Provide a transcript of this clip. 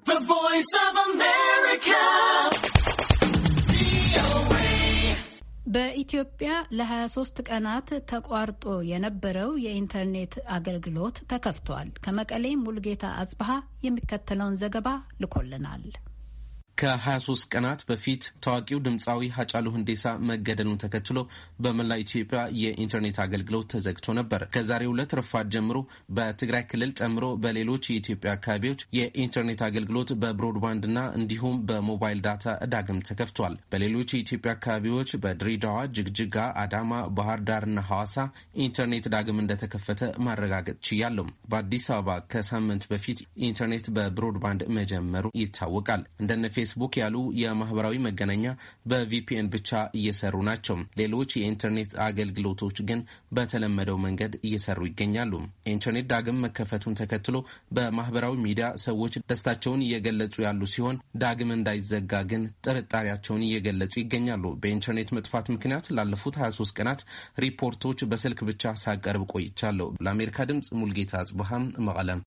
The Voice of America. በኢትዮጵያ ለ23 ቀናት ተቋርጦ የነበረው የኢንተርኔት አገልግሎት ተከፍቷል። ከመቀሌ ሙልጌታ አጽብሃ የሚከተለውን ዘገባ ልኮልናል። ከ23 ቀናት በፊት ታዋቂው ድምፃዊ ሀጫሉ ህንዴሳ መገደሉን ተከትሎ በመላ ኢትዮጵያ የኢንተርኔት አገልግሎት ተዘግቶ ነበር። ከዛሬው ዕለት ረፋድ ጀምሮ በትግራይ ክልል ጨምሮ በሌሎች የኢትዮጵያ አካባቢዎች የኢንተርኔት አገልግሎት በብሮድባንድና እንዲሁም በሞባይል ዳታ ዳግም ተከፍቷል። በሌሎች የኢትዮጵያ አካባቢዎች በድሬዳዋ፣ ጅግጅጋ፣ አዳማ፣ ባህር ዳርና ሐዋሳ ኢንተርኔት ዳግም እንደተከፈተ ማረጋገጥ ችያለሁ። በአዲስ አበባ ከሳምንት በፊት ኢንተርኔት በብሮድባንድ መጀመሩ ይታወቃል። እንደነ ፌስቡክ ያሉ የማህበራዊ መገናኛ በቪፒኤን ብቻ እየሰሩ ናቸው። ሌሎች የኢንተርኔት አገልግሎቶች ግን በተለመደው መንገድ እየሰሩ ይገኛሉ። ኢንተርኔት ዳግም መከፈቱን ተከትሎ በማህበራዊ ሚዲያ ሰዎች ደስታቸውን እየገለጹ ያሉ ሲሆን ዳግም እንዳይዘጋ ግን ጥርጣሬያቸውን እየገለጹ ይገኛሉ። በኢንተርኔት መጥፋት ምክንያት ላለፉት 23 ቀናት ሪፖርቶች በስልክ ብቻ ሳቀርብ ቆይቻለሁ። ለአሜሪካ ድምፅ ሙልጌታ አጽብሃም መቀለም